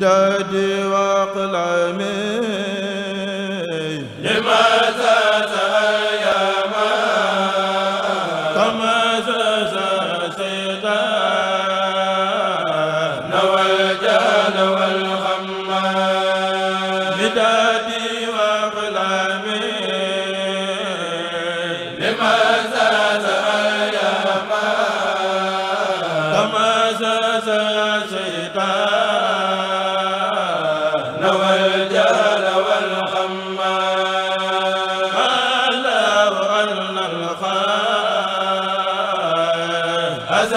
dadi waqlami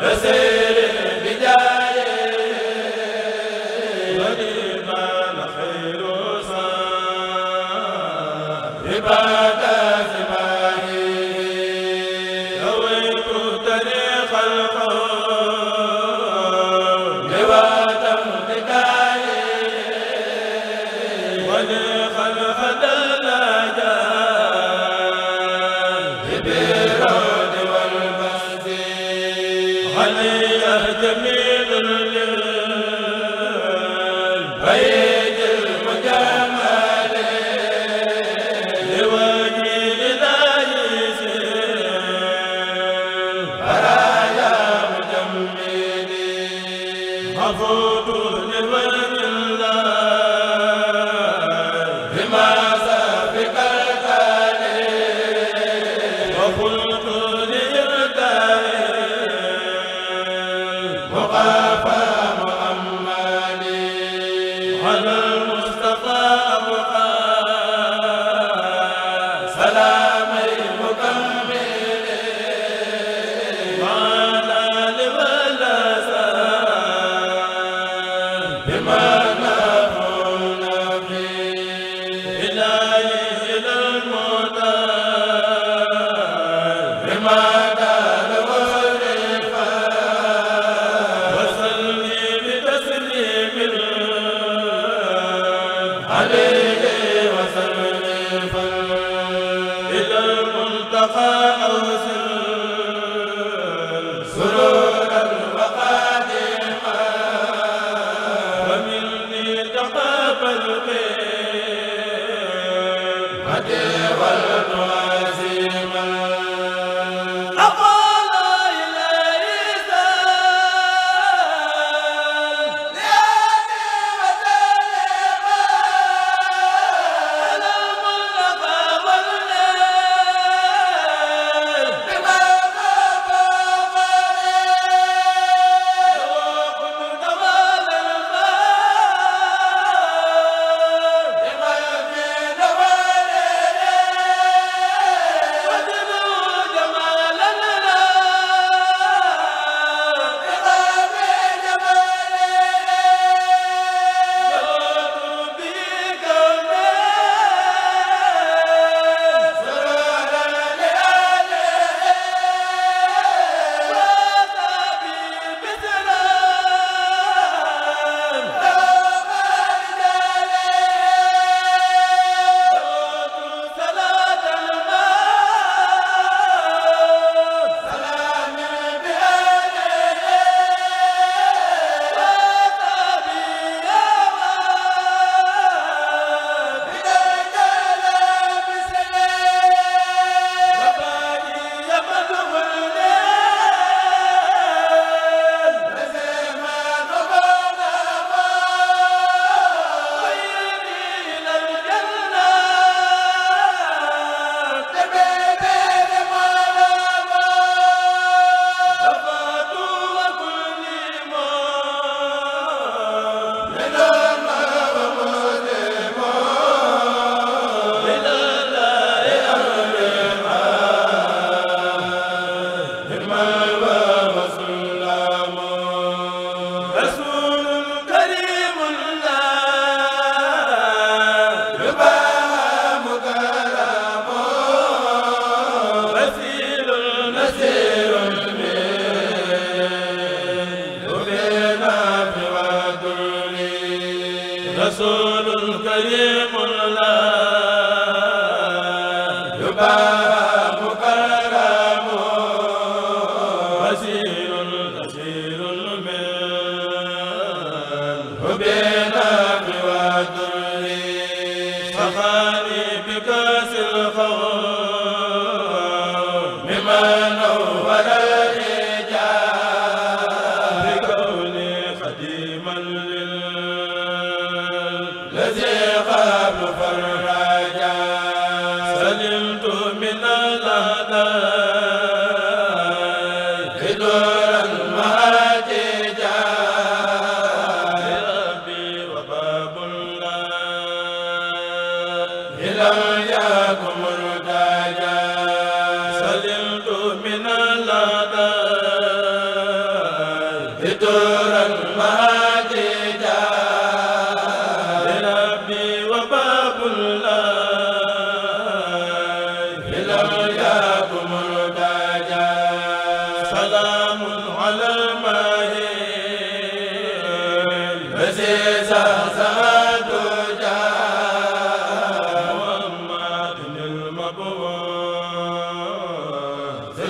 le رسول كريم لا يبالي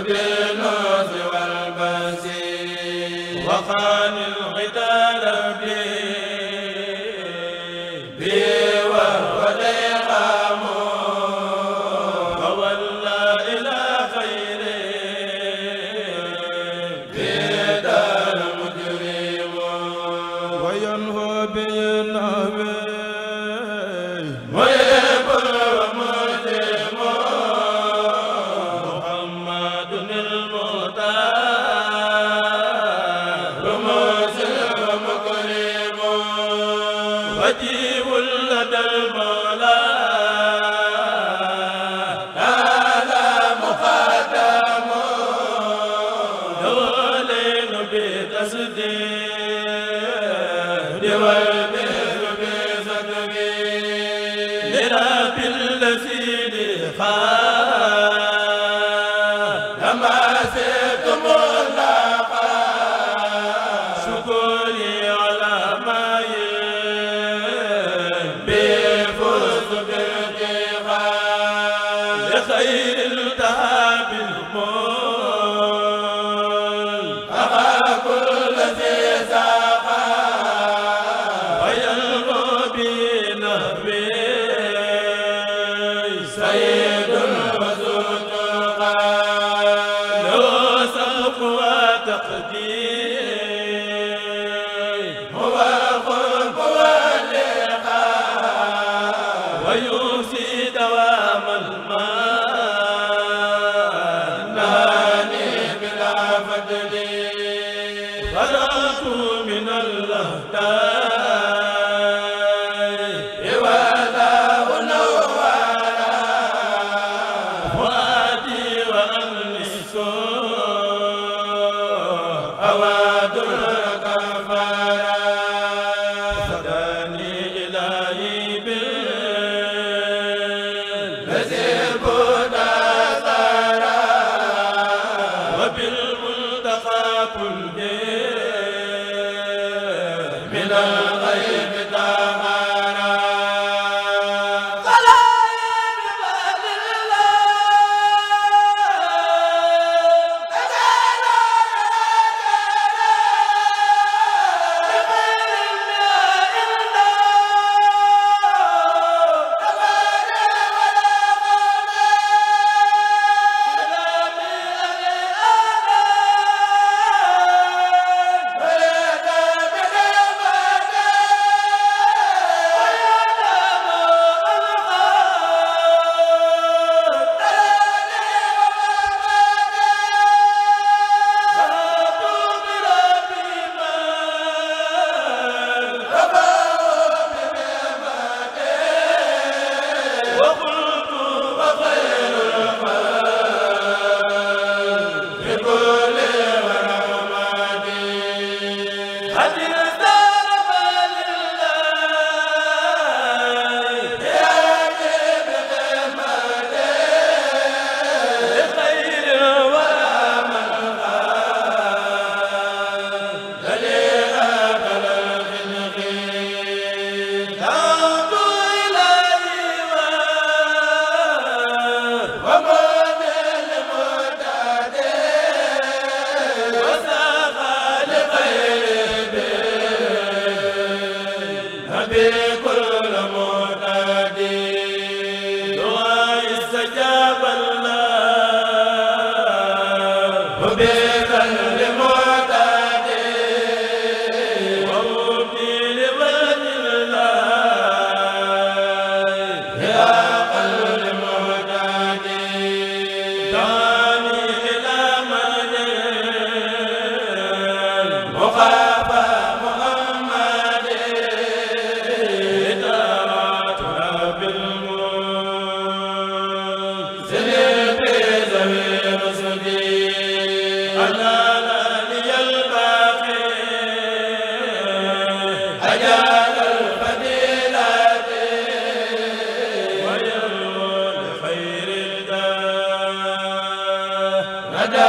بالنور والبزير وخان القتال به hada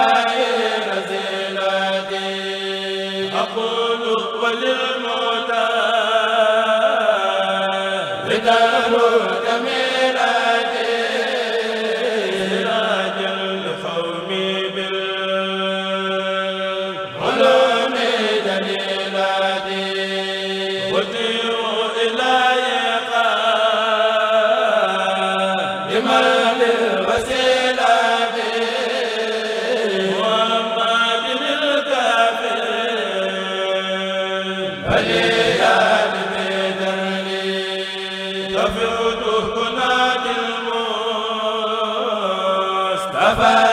fa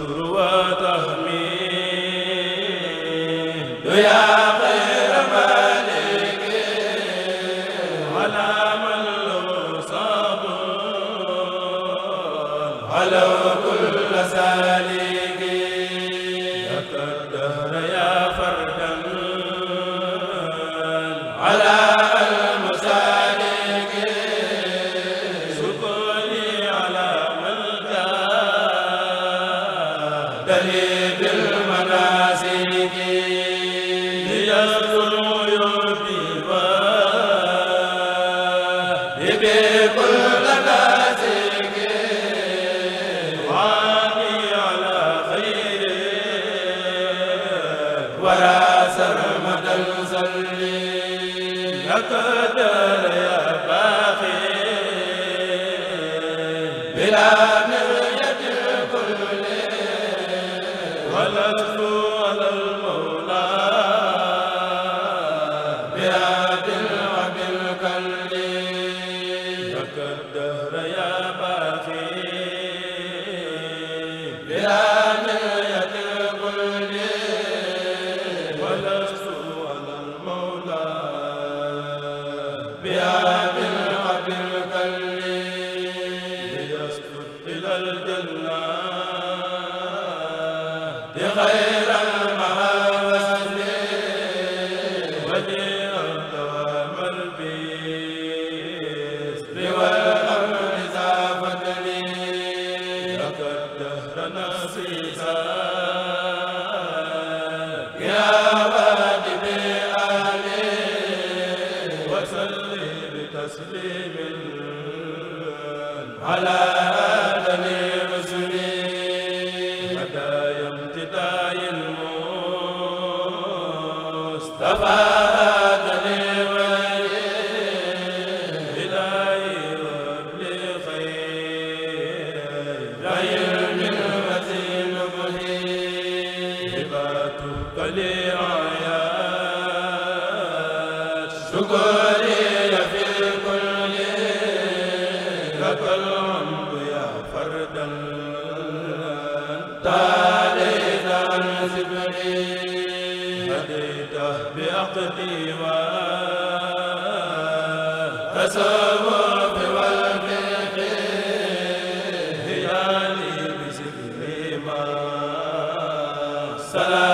وتحميد يا bi Mustafa salaam